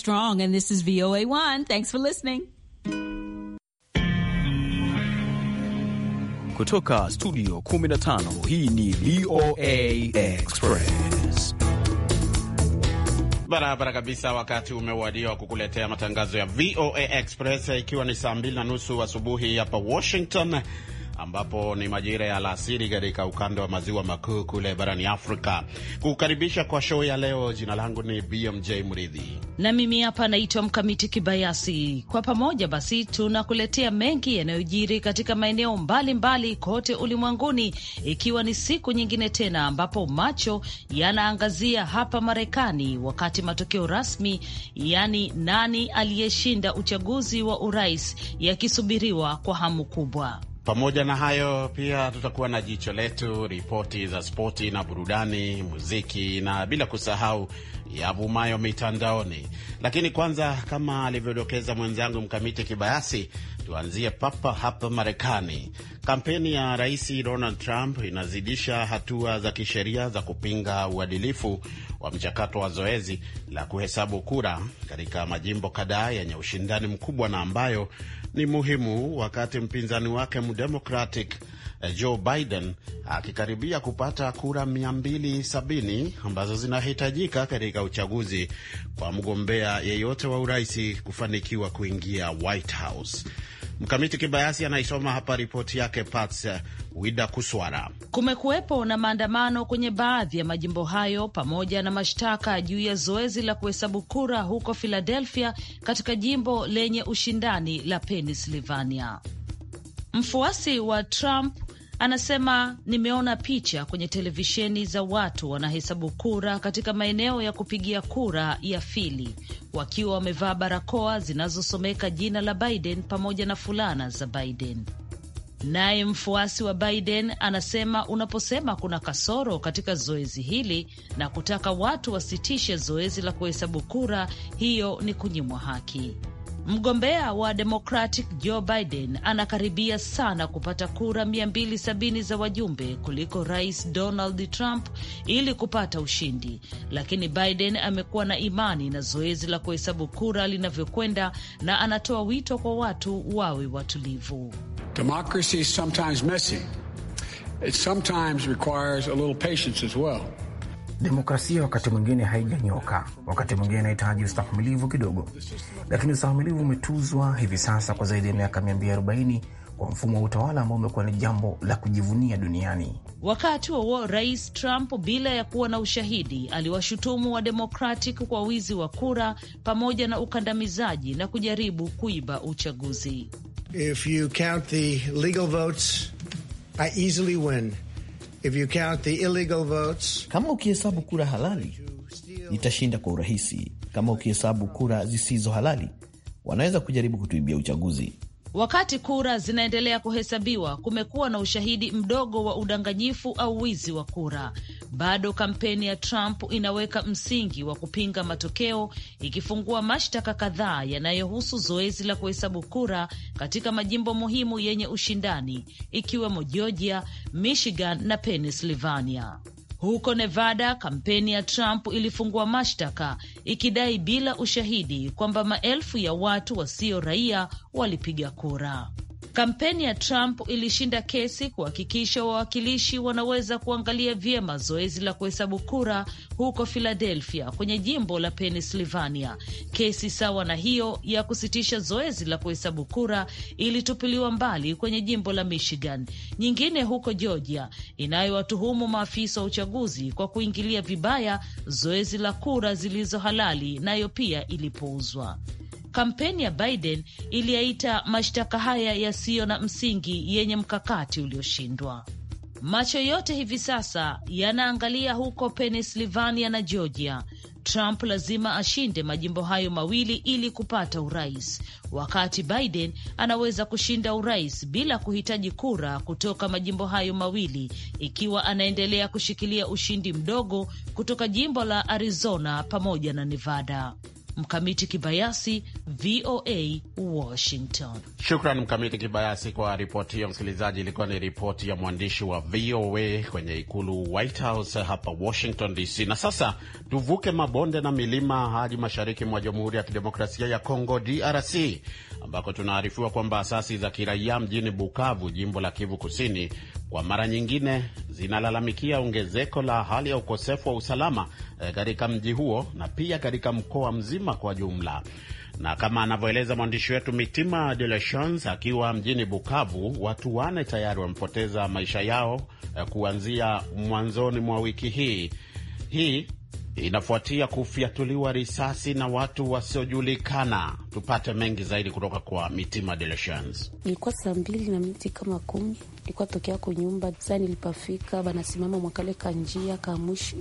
strong. And this is VOA1. Thanks for listening. Kutoka studio 15, hii ni VOA Express barabara kabisa. Wakati umewadia wa kukuletea matangazo ya VOA Express, ikiwa ni saa mbili na nusu asubuhi hapa Washington ambapo ni majira ya alasiri katika ukanda wa maziwa makuu kule barani Afrika. Kukukaribisha kwa show ya leo, jina langu ni BMJ Mridhi na mimi hapa naitwa Mkamiti Kibayasi. Kwa pamoja basi tunakuletea mengi yanayojiri katika maeneo mbalimbali kote ulimwenguni, ikiwa ni siku nyingine tena ambapo macho yanaangazia hapa Marekani, wakati matokeo rasmi, yani nani aliyeshinda uchaguzi wa urais, yakisubiriwa kwa hamu kubwa. Pamoja na hayo pia tutakuwa na jicho letu, ripoti za spoti na burudani, muziki na bila kusahau yavumayo mitandaoni. Lakini kwanza, kama alivyodokeza mwenzangu Mkamiti Kibayasi, tuanzie papa hapa Marekani. Kampeni ya Rais Donald Trump inazidisha hatua za kisheria za kupinga uadilifu wa mchakato wa zoezi la kuhesabu kura katika majimbo kadhaa yenye ushindani mkubwa na ambayo ni muhimu wakati mpinzani wake mdemocratic eh, Joe Biden akikaribia kupata kura 270 ambazo zinahitajika katika uchaguzi kwa mgombea yeyote wa uraisi kufanikiwa kuingia White House. Mkamiti Kibayasi anaisoma hapa ripoti yake. Pats Wida Kuswara. Kumekuwepo na maandamano kwenye baadhi ya majimbo hayo pamoja na mashtaka juu ya zoezi la kuhesabu kura huko Philadelphia, katika jimbo lenye ushindani la Pennsylvania. Mfuasi wa Trump Anasema nimeona picha kwenye televisheni za watu wanahesabu kura katika maeneo ya kupigia kura ya fili wakiwa wamevaa barakoa zinazosomeka jina la Biden pamoja na fulana za Biden. Naye mfuasi wa Biden anasema unaposema kuna kasoro katika zoezi hili na kutaka watu wasitishe zoezi la kuhesabu kura, hiyo ni kunyimwa haki. Mgombea wa Democratic Joe Biden anakaribia sana kupata kura 270 za wajumbe kuliko Rais Donald Trump ili kupata ushindi, lakini Biden amekuwa na imani na zoezi la kuhesabu kura linavyokwenda na anatoa wito kwa watu wawe watulivu. Democracy is sometimes messy. It sometimes requires a little patience as well. Demokrasia wakati mwingine haijanyoka, wakati mwingine inahitaji ustahimilivu kidogo, lakini ustahimilivu umetuzwa hivi sasa kwa zaidi ya miaka 240 kwa mfumo wa utawala ambao umekuwa ni jambo la kujivunia duniani. Wakati huo Rais Trump bila ya kuwa na ushahidi aliwashutumu wa Democratic kwa wizi wa kura pamoja na ukandamizaji na kujaribu kuiba uchaguzi. If you count the legal votes, I easily win. If you count the illegal votes, kama ukihesabu kura halali nitashinda kwa urahisi. Kama ukihesabu kura zisizo halali, wanaweza kujaribu kutuibia uchaguzi. Wakati kura zinaendelea kuhesabiwa, kumekuwa na ushahidi mdogo wa udanganyifu au wizi wa kura. Bado kampeni ya Trump inaweka msingi wa kupinga matokeo, ikifungua mashtaka kadhaa yanayohusu zoezi la kuhesabu kura katika majimbo muhimu yenye ushindani, ikiwemo Georgia, Michigan na Pennsylvania. Huko Nevada, kampeni ya Trump ilifungua mashtaka ikidai bila ushahidi kwamba maelfu ya watu wasio raia walipiga kura. Kampeni ya Trump ilishinda kesi kuhakikisha wawakilishi wanaweza kuangalia vyema zoezi la kuhesabu kura huko Philadelphia kwenye jimbo la Pennsylvania. Kesi sawa na hiyo ya kusitisha zoezi la kuhesabu kura ilitupiliwa mbali kwenye jimbo la Michigan, nyingine huko Georgia inayowatuhumu maafisa wa uchaguzi kwa kuingilia vibaya zoezi la kura zilizo halali, nayo pia ilipuuzwa. Kampeni ya Biden iliyaita mashtaka haya yasiyo na msingi yenye mkakati ulioshindwa. Macho yote hivi sasa yanaangalia huko Pennsylvania na Georgia. Trump lazima ashinde majimbo hayo mawili ili kupata urais, wakati Biden anaweza kushinda urais bila kuhitaji kura kutoka majimbo hayo mawili ikiwa anaendelea kushikilia ushindi mdogo kutoka jimbo la Arizona pamoja na Nevada. Mkamiti Kibayasi, VOA Washington. Shukran Mkamiti Kibayasi kwa ripoti hiyo. Msikilizaji, ilikuwa ni ripoti ya mwandishi wa VOA kwenye ikulu White House hapa Washington DC. Na sasa tuvuke mabonde na milima hadi mashariki mwa Jamhuri ya Kidemokrasia ya Kongo, DRC, ambako tunaarifiwa kwamba asasi za kiraia mjini Bukavu, jimbo la Kivu Kusini, kwa mara nyingine zinalalamikia ongezeko la hali ya ukosefu wa usalama eh, katika mji huo na pia katika mkoa mzima kwa jumla. Na kama anavyoeleza mwandishi wetu Mitima De La Chance akiwa mjini Bukavu, watu wane tayari wamepoteza maisha yao eh, kuanzia mwanzoni mwa wiki hii. Hii inafuatia kufyatuliwa risasi na watu wasiojulikana. Tupate mengi zaidi kutoka kwa Mitima De La Chance. Ilikuwa saa mbili na miti kama kumi ikuwa tokea nyumba Sa nilipafika banasimama mwakale kanjia kamush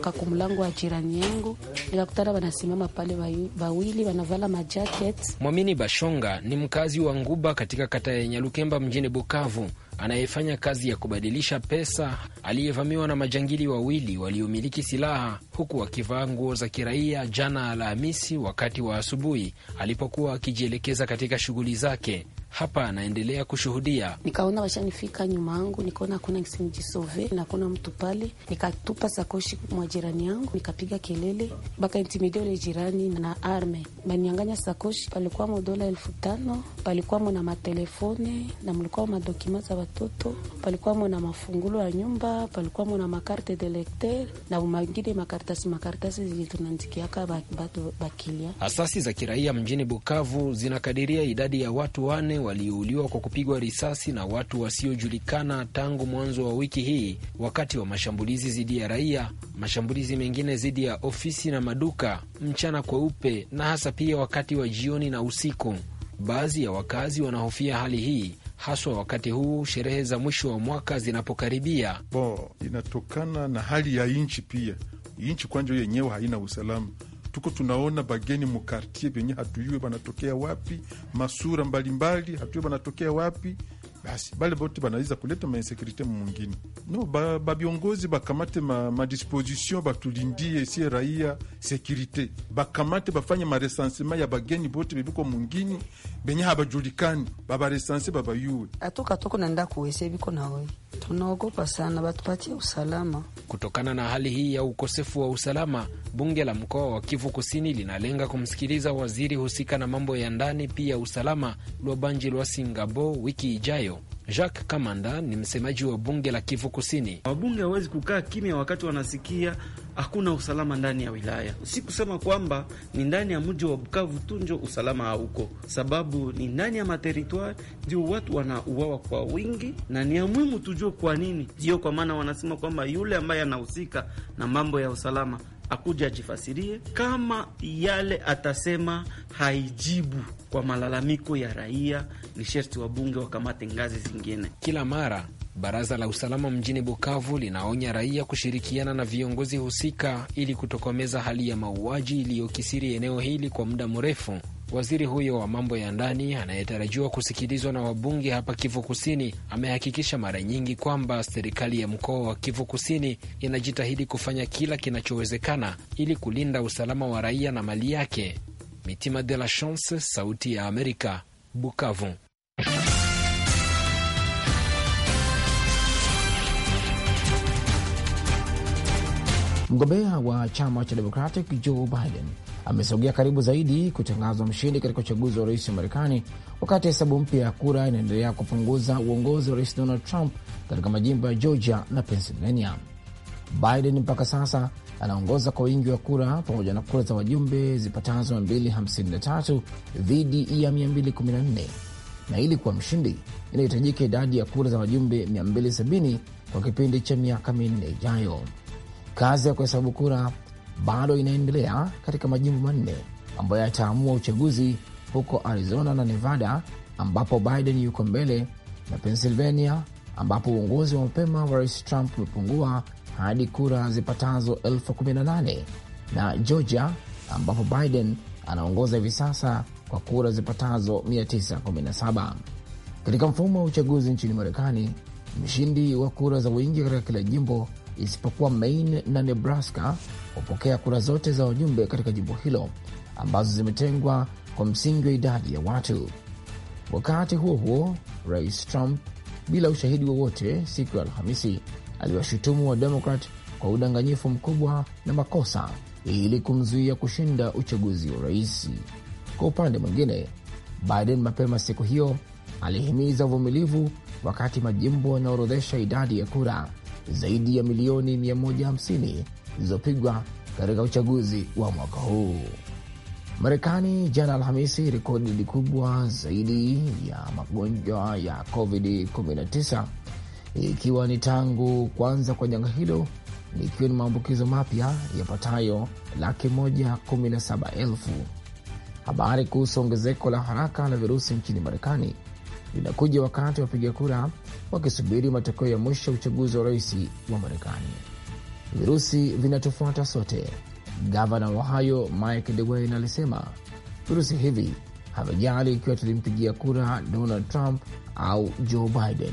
kakumlango wa jirani yangu, nikakutana banasimama pale bawili banavala majaket. Mwamini Bashonga ni mkazi wa Nguba katika kata ya Nyalukemba mjini Bukavu anayefanya kazi ya kubadilisha pesa, aliyevamiwa na majangili wawili waliomiliki silaha huku akivaa nguo za kiraia jana Alhamisi wakati wa asubuhi alipokuwa akijielekeza katika shughuli zake hapa anaendelea kushuhudia. Nikaona washanifika nyuma yangu, nikaona hakuna sinjisove na hakuna mtu pale, nikatupa sakoshi mwa jirani yangu, nikapiga kelele mpaka intimide ule jirani na arme banianganya sakoshi, palikwamo dola elfu tano palikwamo na matelefone na mlikwamo madokima za watoto, palikwamo na mafungulo ya nyumba, palikwamo na makarte de lecteur na mangine makartasi makartasi zilitunanzikiaka batu bakilia. Asasi za kiraia mjini Bukavu zinakadiria idadi ya watu wane waliouliwa kwa kupigwa risasi na watu wasiojulikana tangu mwanzo wa wiki hii wakati wa mashambulizi dhidi ya raia, mashambulizi mengine dhidi ya ofisi na maduka mchana kweupe, na hasa pia wakati wa jioni na usiku. Baadhi ya wakazi wanahofia hali hii haswa wakati huu sherehe za mwisho wa mwaka zinapokaribia. Bo, inatokana na hali ya nchi pia. Nchi kwanja yenyewe haina usalama tuko tunaona bageni mukartie venye hatuyue banatokea wapi, masura mbalimbali hatuyue banatokea wapi basi bale bote banaweza kuleta mainsekurite mwingine no babiongozi ba bakamate ma, ma batulindie sie raia sekurite bakamate bafanye maresensema ya bageni bote bebiko mwingine benye habajulikani babaresense babayuwe atoka toko naenda kuwese biko nawe tunaogopa sana batupatie usalama. Kutokana na hali hii ya ukosefu wa usalama, bunge la mkoa wa Kivu Kusini linalenga kumsikiliza waziri husika na mambo ya ndani pia usalama Lwabanji Lwa Singabo wiki ijayo Jacques Kamanda ni msemaji wa bunge la Kivu Kusini. Wabunge hawawezi kukaa kimya wakati wanasikia hakuna usalama ndani ya wilaya. Si kusema kwamba ni ndani ya mji wa Bukavu tu njo usalama hauko, sababu ni ndani ya materitwari ndio watu wanauawa kwa wingi, na ni ya muhimu tujue kwa nini. Ndio kwa maana wanasema kwamba yule ambaye anahusika na mambo ya usalama akuja ajifasirie, kama yale atasema haijibu kwa malalamiko ya raia, ni sherti wabunge wakamate ngazi zingine. Kila mara Baraza la usalama mjini Bukavu linaonya raia kushirikiana na viongozi husika ili kutokomeza hali ya mauaji iliyokisiri eneo hili kwa muda mrefu Waziri huyo wa mambo ya ndani anayetarajiwa kusikilizwa na wabunge hapa Kivu Kusini amehakikisha mara nyingi kwamba serikali ya mkoa wa Kivu Kusini inajitahidi kufanya kila kinachowezekana ili kulinda usalama wa raia na mali yake. Mitima de la Chance, Sauti ya Amerika, Bukavu. Mgombea wa chama cha Democratic Joe Biden amesogea karibu zaidi kutangazwa mshindi katika uchaguzi wa rais wa Marekani, wakati hesabu mpya ya kura inaendelea kupunguza uongozi wa rais Donald Trump katika majimbo ya Georgia na Pennsylvania. Biden mpaka sasa anaongoza kwa wingi wa kura pamoja na kura za wajumbe zipatazo 253 dhidi ya 214, na ili kuwa mshindi inahitajika idadi ya kura za wajumbe 270 kwa kipindi cha miaka minne ijayo. Kazi ya kuhesabu kura bado inaendelea katika majimbo manne ambayo yataamua uchaguzi huko Arizona na Nevada ambapo Biden yuko mbele na Pennsylvania ambapo uongozi wa mapema wa rais Trump umepungua hadi kura zipatazo elfu kumi na nane na Georgia ambapo Biden anaongoza hivi sasa kwa kura zipatazo 917. Katika mfumo wa uchaguzi nchini Marekani, mshindi wa kura za wingi katika kila jimbo isipokuwa Maine na Nebraska hupokea kura zote za wajumbe katika jimbo hilo ambazo zimetengwa kwa msingi wa idadi ya watu. Wakati huo huo, Rais Trump bila ushahidi wowote siku ya Alhamisi aliwashutumu wademokrat kwa udanganyifu mkubwa na makosa ili kumzuia kushinda uchaguzi wa rais. Kwa upande mwingine, Biden mapema siku hiyo alihimiza uvumilivu wakati majimbo yanaorodhesha idadi ya kura zaidi ya milioni 150 zilizopigwa katika uchaguzi wa mwaka huu. Marekani jana Alhamisi rekodi kubwa zaidi ya magonjwa ya COVID-19 ikiwa ni tangu kwanza kwa janga hilo ikiwa ni maambukizo mapya yapatayo laki moja kumi na saba elfu. Habari kuhusu ongezeko la haraka la virusi nchini Marekani linakuja wakati wapiga kura wakisubiri matokeo ya mwisho ya uchaguzi wa rais wa Marekani. Virusi vinatufuata sote, gavana wa Ohio Mike DeWine alisema virusi hivi havijali ikiwa tulimpigia kura Donald Trump au Joe Biden.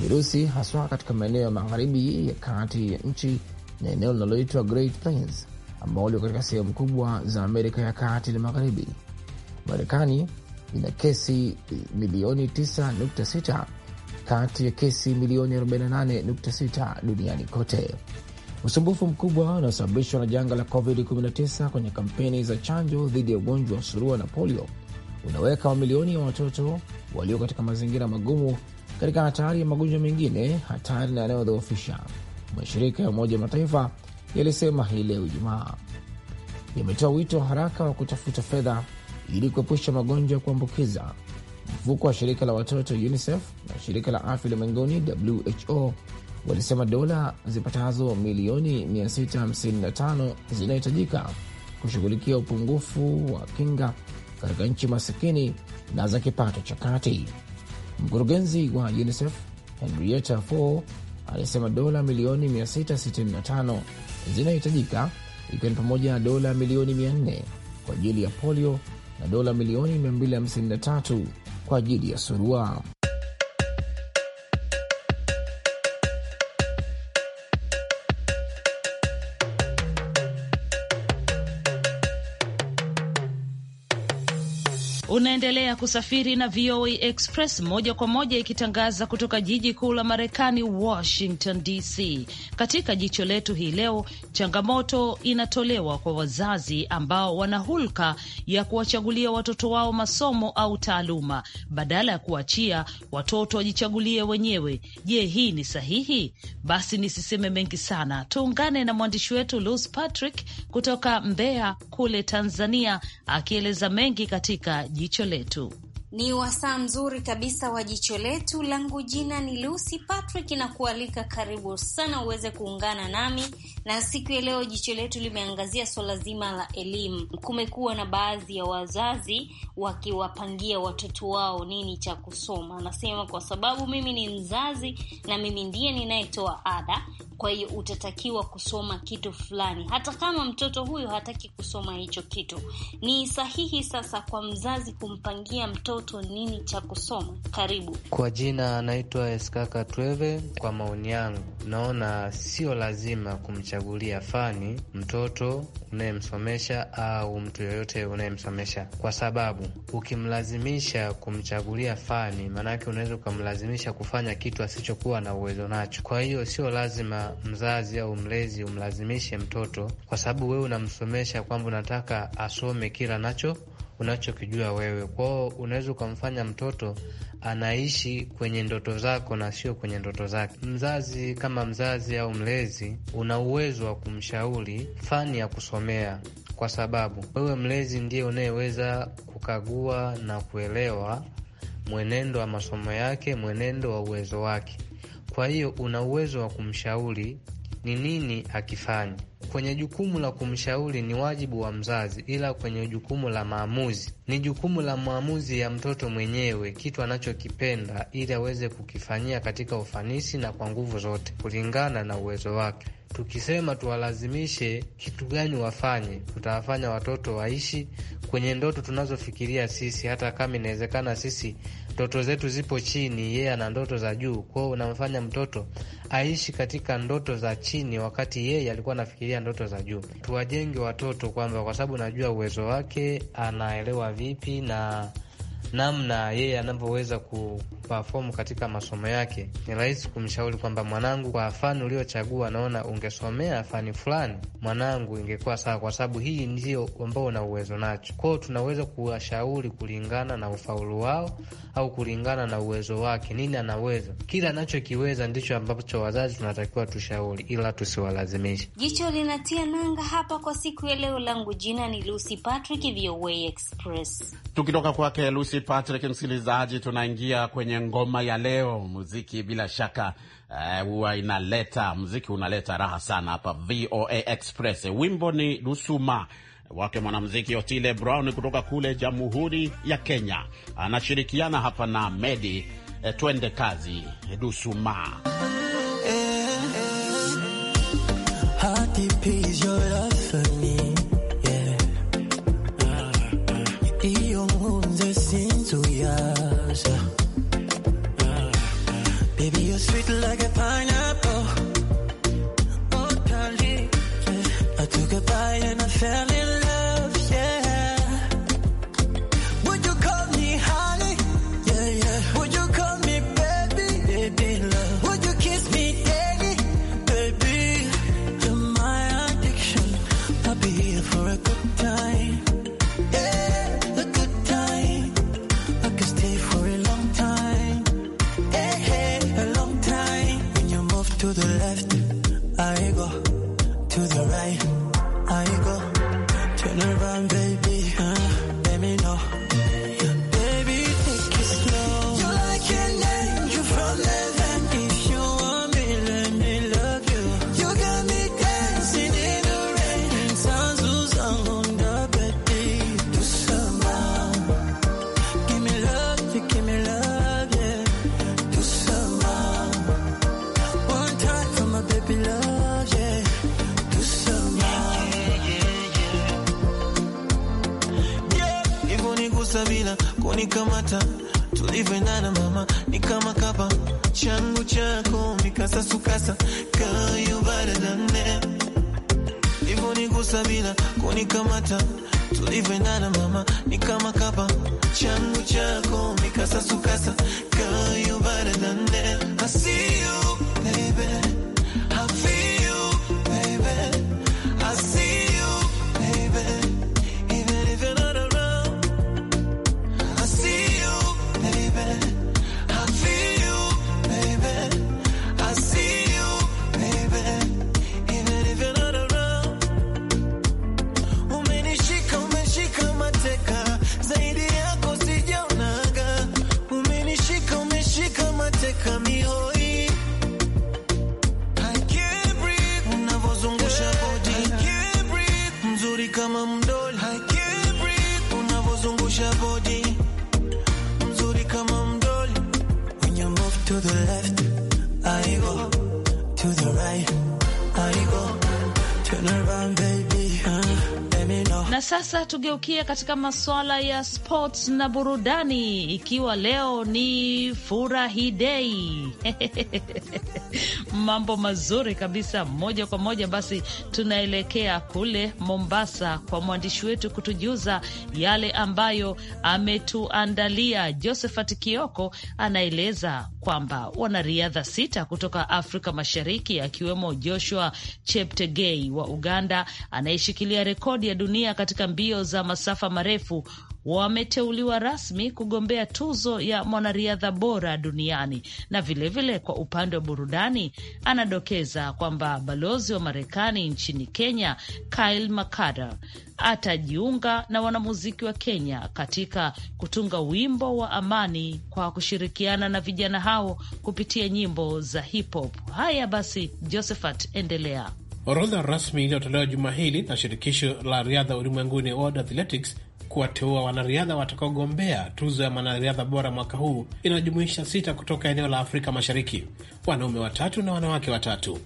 Virusi haswa katika maeneo ya magharibi ya kati ya nchi na eneo linaloitwa Great Plains ambao lio katika sehemu kubwa za Amerika ya kati na magharibi. Marekani ina kesi eh, milioni 9.6 kati ya kesi milioni 48.6 duniani kote. Usumbufu mkubwa unaosababishwa na janga la COVID-19 kwenye kampeni za chanjo dhidi ya ugonjwa wa surua na polio unaweka mamilioni ya watoto walio katika mazingira magumu katika hatari ya magonjwa mengine hatari na yanayodhoofisha, mashirika ya Umoja Mataifa yalisema hii leo Ijumaa. Yametoa wito wa haraka wa kutafuta fedha ili kuepusha magonjwa ya kuambukiza. Mfuko wa shirika la watoto UNICEF na shirika la afya ulimwenguni WHO walisema dola zipatazo milioni 655 zinahitajika kushughulikia upungufu wa kinga katika nchi masikini na za kipato cha kati. Mkurugenzi wa UNICEF Henrietta Fore alisema dola milioni 665 zinahitajika ikiwa ni pamoja na dola milioni 400 kwa ajili ya polio na dola milioni 253 kwa ajili ya surua. Unaendelea kusafiri na VOA Express moja kwa moja ikitangaza kutoka jiji kuu la Marekani, Washington DC. Katika jicho letu hii leo, changamoto inatolewa kwa wazazi ambao wana hulka ya kuwachagulia watoto wao masomo au taaluma badala ya kuachia watoto wajichagulie wenyewe. Je, hii ni sahihi? Basi nisiseme mengi sana, tuungane na mwandishi wetu Lucy Patrick kutoka Mbeya kule Tanzania akieleza mengi katika jicho letu. Ni wasaa mzuri kabisa wa jicho letu. Langu jina ni Lucy Patrick na kualika karibu sana uweze kuungana nami, na siku ya leo jicho letu limeangazia swala zima la elimu. Kumekuwa na baadhi ya wazazi wakiwapangia watoto wao nini cha kusoma. Anasema kwa sababu mimi ni mzazi na mimi ndiye ninayetoa ada, kwa hiyo utatakiwa kusoma kitu fulani, hata kama mtoto huyo hataki kusoma hicho kitu. Ni sahihi sasa kwa mzazi kumpangia mtoto watoto nini cha kusoma? Karibu. Kwa jina anaitwa Eskaka Tweve. Kwa maoni yangu, naona sio lazima kumchagulia fani mtoto unayemsomesha au mtu yoyote unayemsomesha, kwa sababu ukimlazimisha kumchagulia fani, maanake unaweza ukamlazimisha kufanya kitu asichokuwa na uwezo nacho. Kwa hiyo sio lazima mzazi au mlezi umlazimishe mtoto, kwa sababu wewe unamsomesha kwamba unataka asome kila nacho unachokijua wewe. Kwao unaweza ukamfanya mtoto anaishi kwenye ndoto zako na sio kwenye ndoto zake. Mzazi kama mzazi au mlezi, una uwezo wa kumshauri fani ya kusomea, kwa sababu wewe mlezi ndiye unayeweza kukagua na kuelewa mwenendo wa masomo yake, mwenendo wa uwezo wake. Kwa hiyo una uwezo wa kumshauri ni nini akifanya Kwenye jukumu la kumshauri ni wajibu wa mzazi, ila kwenye jukumu la maamuzi ni jukumu la maamuzi ya mtoto mwenyewe, kitu anachokipenda ili aweze kukifanyia katika ufanisi na kwa nguvu zote kulingana na uwezo wake. Tukisema tuwalazimishe kitu gani wafanye, tutawafanya watoto waishi kwenye ndoto tunazofikiria sisi, hata kama inawezekana sisi ndoto zetu zipo chini, yeye ana ndoto za juu. Kwao unamfanya mtoto aishi katika ndoto za chini, wakati yeye alikuwa anafikiria ndoto za juu. Tuwajenge watoto kwamba, kwa sababu najua uwezo wake, anaelewa vipi na namna yeye anavyoweza kuperform katika masomo yake, ni rahisi kumshauri kwamba mwanangu, kwa fani uliochagua, naona ungesomea fani fulani, mwanangu, ingekuwa sawa, kwa sababu hii ndio ambao una uwezo nacho. Kwao tunaweza kuwashauri kulingana na ufaulu wao au kulingana na uwezo wake, nini anaweza. Kila anachokiweza ndicho ambacho wazazi tunatakiwa tushauri, ila tusiwalazimishe. Jicho linatia nanga hapa kwa siku ya leo. Langu jina ni Lucy Patrick, VOA Express. Tukitoka kwake Lucy basi Patrick msikilizaji, tunaingia kwenye ngoma ya leo. Muziki bila shaka eh, huwa uh, inaleta muziki unaleta raha sana hapa VOA Express. Wimbo ni Rusuma wake mwanamuziki Otile Brown kutoka kule Jamhuri ya Kenya, anashirikiana hapa na Medi. E, twende kazi Rusuma. Hey, hey. sweet like a pineapple. Oh, darling. Yeah. I took a bite and I fell in love. kukosa bila kunikamata, tulivyoendana mama ni kama kapa changu chako mikasa sukasa kayo baradane ni livyonigusa bila kunikamata, tulivyoendana mama ni kama kapa changu chako mikasa sukasa kayo baradane asiyo baby deja tugeukie katika masuala ya sports na burudani, ikiwa leo ni furahi dei Mambo mazuri kabisa, moja kwa moja. Basi tunaelekea kule Mombasa kwa mwandishi wetu kutujuza yale ambayo ametuandalia. Josephat Kioko anaeleza kwamba wanariadha sita kutoka Afrika Mashariki akiwemo Joshua Cheptegei wa Uganda anayeshikilia rekodi ya dunia katika mbio za masafa marefu wameteuliwa rasmi kugombea tuzo ya mwanariadha bora duniani. Na vilevile vile kwa upande wa burudani, anadokeza kwamba balozi wa Marekani nchini Kenya Kyle Makada atajiunga na wanamuziki wa Kenya katika kutunga wimbo wa amani kwa kushirikiana na vijana hao kupitia nyimbo za hip hop. Haya basi, Josephat, endelea. Orodha rasmi iliyotolewa juma hili na shirikisho la riadha ulimwenguni World Athletics kuwateua wanariadha watakaogombea tuzo ya mwanariadha bora mwaka huu inayojumuisha sita kutoka eneo la Afrika Mashariki, wanaume watatu na wanawake watatu.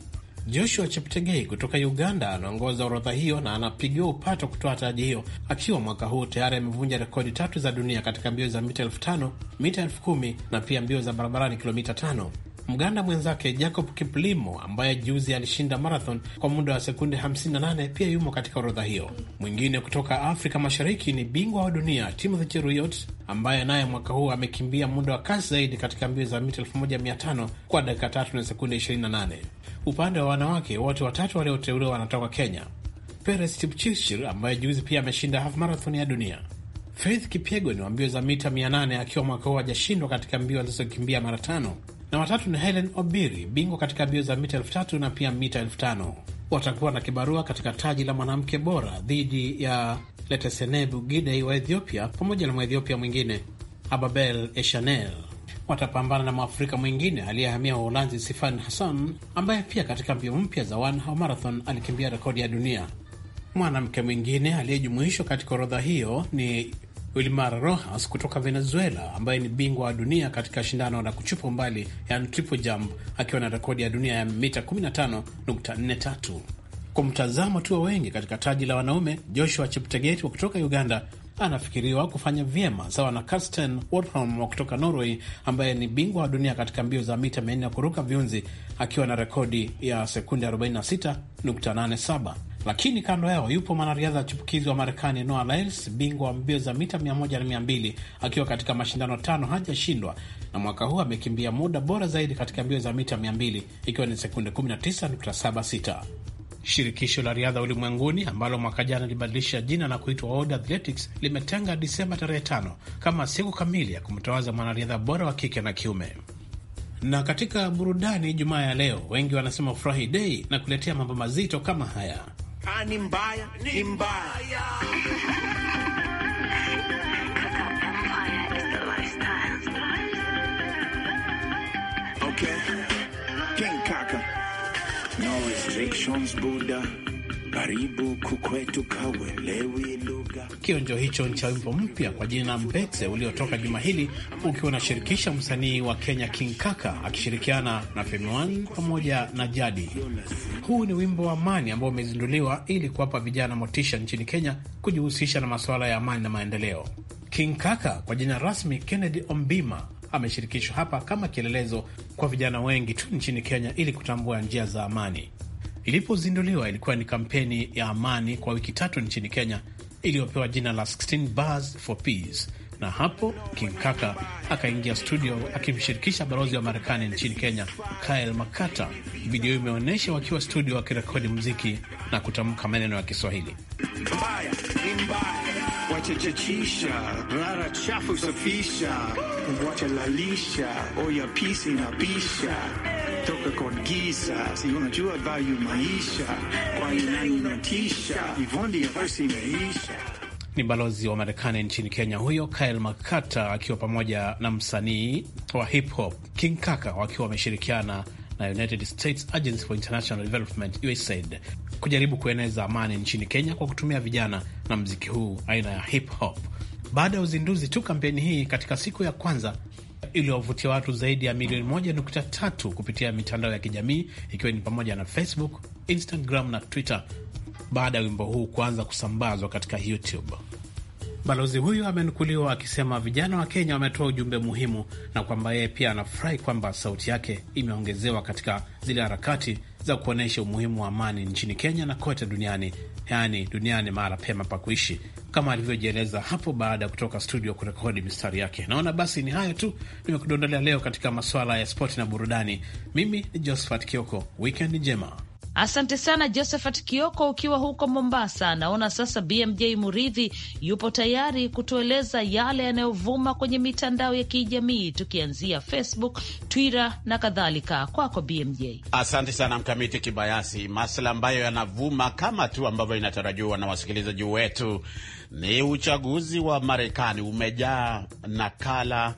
Joshua Cheptegei kutoka Uganda anaongoza orodha hiyo na anapigiwa upato kutoa taji hiyo, akiwa mwaka huu tayari amevunja rekodi tatu za dunia katika mbio za mita elfu tano mita elfu kumi na pia mbio za barabarani kilomita tano. Mganda mwenzake Jacob Kiplimo ambaye juzi alishinda marathon kwa muda wa sekunde 58 pia yumo katika orodha hiyo. Mwingine kutoka Afrika Mashariki ni bingwa wa dunia Timothy Cheruyot ambaye naye mwaka huu amekimbia muda wa kasi zaidi katika mbio za mita 1500 kwa dakika 3 na sekunde 28. Upande wa wanawake, wote watatu walioteuliwa wanatoka Kenya. Peres Kipchirchir ambaye juzi pia ameshinda half marathon ya dunia. Faith Kipyegon wa mbio za mita 800 akiwa mwaka huu hajashindwa katika mbio alizokimbia mara tano na watatu ni Helen Obiri, bingwa katika mbio za mita elfu tatu na pia mita elfu tano Watakuwa na kibarua katika taji la mwanamke bora dhidi ya Letesenebu Gidei wa Ethiopia pamoja na Mwethiopia mwingine Ababel Echanel. Watapambana na Mwafrika mwingine aliyehamia Uholanzi, Sifan Hassan, ambaye pia katika mbio mpya za One Half Marathon alikimbia rekodi ya dunia. Mwanamke mwingine aliyejumuishwa katika orodha hiyo ni Wilmar Rojas kutoka Venezuela, ambaye ni bingwa wa dunia katika shindano la kuchupa umbali, yani triple jump, akiwa na rekodi ya dunia ya mita 15.43. Kwa mtazamo tu wa wengi katika taji la wanaume, Joshua Cheptegei wa kutoka Uganda anafikiriwa kufanya vyema sawa na Karsten Warholm wa kutoka Norway, ambaye ni bingwa wa dunia katika mbio za mita 400 ya kuruka viunzi akiwa na rekodi ya sekunde 46.87. Lakini kando yao yupo mwanariadha ya chipukizi wa Marekani Noah Lyles, bingwa wa mbio za mita 100 na 200, akiwa katika mashindano tano hajashindwa, na mwaka huu amekimbia muda bora zaidi katika mbio za mita 200 ikiwa ni sekunde 19.76. Shirikisho la riadha ulimwenguni ambalo mwaka jana lilibadilisha jina na kuitwa World Athletics limetenga Disemba tarehe 5 kama siku kamili ya kumtawaza mwanariadha bora wa kike na kiume. Na katika burudani Jumaa ya leo, wengi wanasema furahi dei na kuletea mambo mazito kama haya Ah, ni mbaya, ni mbaya. Okay. King Kaka. No restrictions, Buddha. Baribu kukwetu kawelewi lugha. Kionjo hicho ni cha wimbo mpya kwa jina Mbete uliotoka juma hili ukiwa unashirikisha msanii wa Kenya King Kaka akishirikiana na Femi pamoja na Jadi. Huu ni wimbo wa amani ambao umezinduliwa ili kuwapa vijana motisha nchini Kenya kujihusisha na masuala ya amani na maendeleo. King Kaka kwa jina rasmi Kennedy Ombima ameshirikishwa hapa kama kielelezo kwa vijana wengi tu nchini Kenya ili kutambua njia za amani. Ilipozinduliwa ilikuwa ni kampeni ya amani kwa wiki tatu nchini Kenya iliyopewa jina la 16 Bars for Peace. Na hapo King Kaka akaingia studio akimshirikisha balozi wa Marekani nchini Kenya, Kyle Makata. Video imeonyesha wakiwa studio wakirekodi muziki na kutamka maneno ya Kiswahili mbaya, mbaya. Wachechechisha, rara chafu safisha, wachalalisha, oya pisi na pisha toka kwa giza, si unajua vayu maisha kwa imani inatisha, ivondi ya basi imeisha ni balozi wa Marekani nchini Kenya huyo Kyle Makata akiwa pamoja na msanii wa hip hop King Kaka wakiwa wameshirikiana na United States Agency for International Development USAID kujaribu kueneza amani nchini Kenya kwa kutumia vijana na mziki huu aina ya hip hop. Baada ya uzinduzi tu kampeni hii katika siku ya kwanza iliyovutia watu zaidi ya milioni moja nukta tatu kupitia mitandao ya kijamii ikiwa ni pamoja na Facebook, Instagram na Twitter baada ya wimbo huu kuanza kusambazwa katika YouTube. Balozi huyu amenukuliwa akisema vijana wa Kenya wametoa ujumbe muhimu na kwamba yeye pia anafurahi kwamba sauti yake imeongezewa katika zile harakati za kuonyesha umuhimu wa amani nchini Kenya na kote duniani, yaani duniani mahala pema pa kuishi, kama alivyojieleza hapo baada ya kutoka studio kurekodi mistari yake. Naona basi ni hayo tu nimekudondolea leo katika masuala ya spoti na burudani. Mimi ni Josephat Kioko, wikend njema. Asante sana Josephat Kioko ukiwa huko Mombasa. Naona sasa BMJ Muridhi yupo tayari kutueleza yale yanayovuma kwenye mitandao ya kijamii, tukianzia Facebook, Twitter na kadhalika. Kwako BMJ. Asante sana Mkamiti Kibayasi. Masala ambayo yanavuma kama tu ambavyo inatarajiwa na wasikilizaji wetu ni uchaguzi wa Marekani umejaa nakala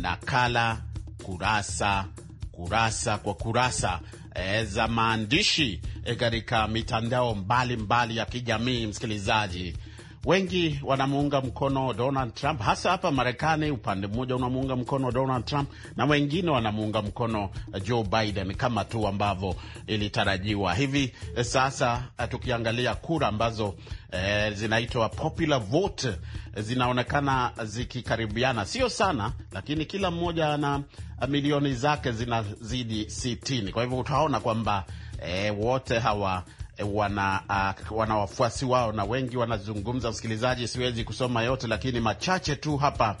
nakala, kurasa kurasa kwa kurasa e, za maandishi e, katika mitandao mbalimbali mbali ya kijamii msikilizaji Wengi wanamuunga mkono Donald Trump, hasa hapa Marekani. Upande mmoja unamuunga mkono Donald Trump na wengine wanamuunga mkono Joe Biden, kama tu ambavyo ilitarajiwa. Hivi sasa eh, tukiangalia kura ambazo eh, zinaitwa popular vote eh, zinaonekana zikikaribiana, sio sana, lakini kila mmoja ana eh, milioni zake zinazidi sitini. Kwa hivyo utaona kwamba eh, wote hawa Eh, wana, uh, wana wafuasi wao na wengi wanazungumza. Msikilizaji, siwezi kusoma yote, lakini machache tu hapa.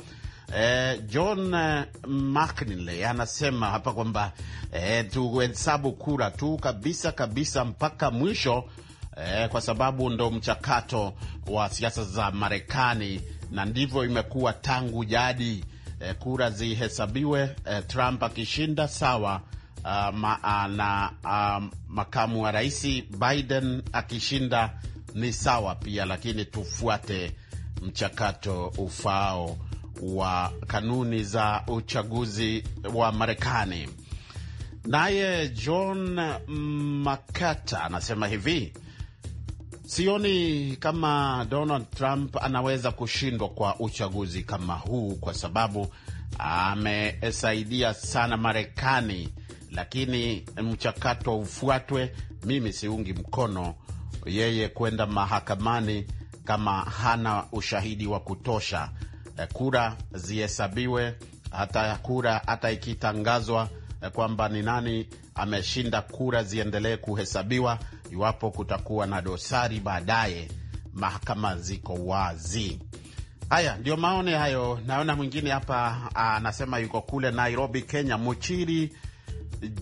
Eh, John eh, McNeil anasema hapa kwamba eh, tuhesabu kura tu kabisa kabisa mpaka mwisho eh, kwa sababu ndo mchakato wa siasa za Marekani na ndivyo imekuwa tangu jadi. Eh, kura zihesabiwe, eh, Trump akishinda sawa uh, ma, uh, na uh, makamu wa rais Biden akishinda ni sawa pia, lakini tufuate mchakato ufao wa kanuni za uchaguzi wa Marekani. Naye John Makata anasema hivi: Sioni kama Donald Trump anaweza kushindwa kwa uchaguzi kama huu, kwa sababu amesaidia sana Marekani lakini mchakato ufuatwe. Mimi siungi mkono yeye kwenda mahakamani kama hana ushahidi wa kutosha. Eh, kura zihesabiwe, hata kura hata ikitangazwa eh, kwamba ni nani ameshinda, kura ziendelee kuhesabiwa. Iwapo kutakuwa na dosari baadaye, mahakama ziko wazi. Haya ndio maoni hayo. Naona mwingine hapa ah, anasema yuko kule Nairobi, Kenya, Muchiri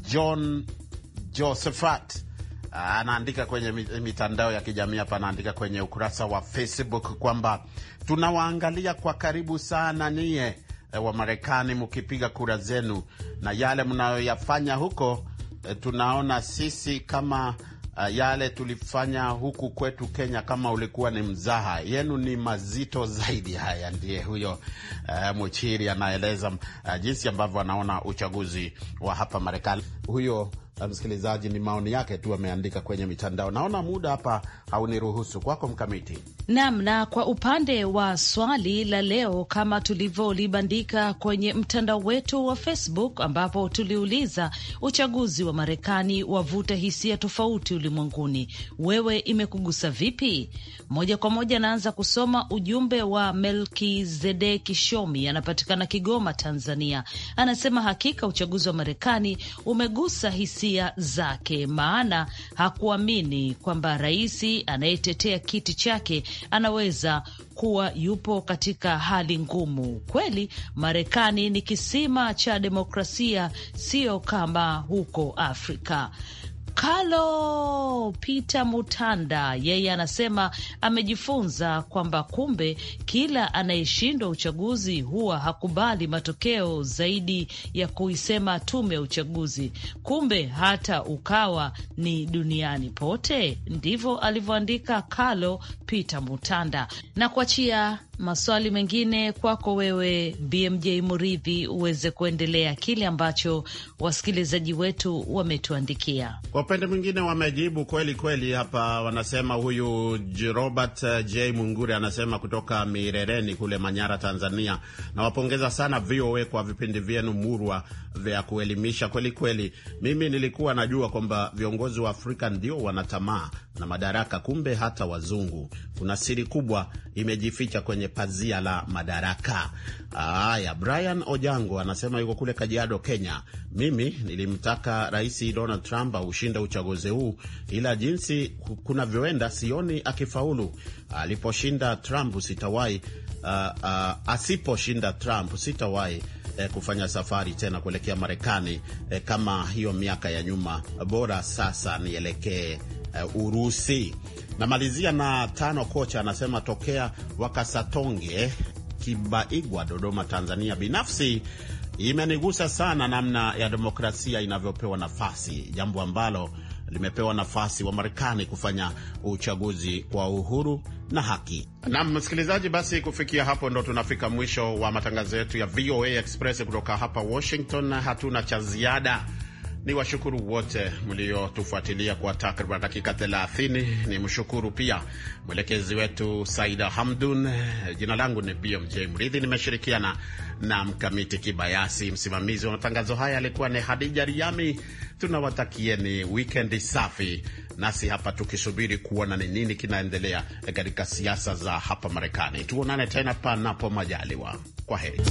John Josephat uh, anaandika kwenye mitandao ya kijamii hapa, anaandika kwenye ukurasa wa Facebook kwamba tunawaangalia kwa karibu sana niye eh, wa Marekani mkipiga kura zenu na yale mnayoyafanya huko, eh, tunaona sisi kama Ah, yale tulifanya huku kwetu Kenya kama ulikuwa ni mzaha, yenu ni mazito zaidi. Haya, ndiye huyo uh, Muchiri anaeleza uh, jinsi ambavyo anaona uchaguzi wa hapa Marekani. Huyo ah, msikilizaji, ni maoni yake tu ameandika kwenye mitandao. Naona muda hapa hauniruhusu kwako, Mkamiti. Naam, na kwa upande wa swali la leo, kama tulivyolibandika kwenye mtandao wetu wa Facebook, ambapo tuliuliza uchaguzi wa Marekani wavuta hisia tofauti ulimwenguni, wewe imekugusa vipi? Moja kwa moja anaanza kusoma ujumbe wa Melkizedeki Shomi, anapatikana Kigoma, Tanzania. Anasema hakika uchaguzi wa Marekani umegusa hisia zake, maana hakuamini kwamba rais anayetetea kiti chake anaweza kuwa yupo katika hali ngumu kweli. Marekani ni kisima cha demokrasia, sio kama huko Afrika. Kalo Peter Mutanda yeye anasema amejifunza kwamba kumbe kila anayeshindwa uchaguzi huwa hakubali matokeo zaidi ya kuisema tume ya uchaguzi. Kumbe hata ukawa ni duniani pote. Ndivyo alivyoandika Kalo Peter Mutanda na kuachia maswali mengine kwako wewe BMJ Muridhi, uweze kuendelea kile ambacho wasikilizaji wetu wametuandikia. Kwa upande mwingine, wamejibu kweli kweli. Hapa wanasema huyu Robert eh, J Mungure anasema kutoka Mirereni kule Manyara, Tanzania, nawapongeza sana VOA kwa vipindi vyenu murwa vya kuelimisha kweli kweli. Mimi nilikuwa najua kwamba viongozi wa Afrika ndio wanatamaa na madaraka, kumbe hata wazungu. Kuna siri kubwa imejificha kwenye kwenye pazia la madaraka. Haya, Brian Ojango anasema yuko kule Kajiado, Kenya. Mimi nilimtaka Rais Donald Trump aushinde uchaguzi huu, ila jinsi kunavyoenda sioni akifaulu. Aliposhinda Trump sitawahi uh, uh, asiposhinda Trump sitawahi eh, kufanya safari tena kuelekea Marekani eh, kama hiyo miaka ya nyuma. Bora sasa nielekee eh, Urusi. Namalizia na tano. Kocha anasema tokea Wakasatonge Kibaigwa, Dodoma, Tanzania, binafsi imenigusa sana namna ya demokrasia inavyopewa nafasi, jambo ambalo limepewa nafasi wa Marekani kufanya uchaguzi kwa uhuru na haki. Naam msikilizaji, basi kufikia hapo ndo tunafika mwisho wa matangazo yetu ya VOA Express kutoka hapa Washington. Hatuna cha ziada ni washukuru wote mliotufuatilia kwa takriban dakika 30. Ni mshukuru pia mwelekezi wetu Saida Hamdun. Jina langu ni BMJ Mridhi, nimeshirikiana na Mkamiti Kibayasi. Msimamizi wa matangazo haya alikuwa ni Hadija Riami. Tunawatakieni wikendi safi, nasi hapa tukisubiri kuona ni nini kinaendelea katika siasa za hapa Marekani. Tuonane tena panapo majaliwa. Kwa heri.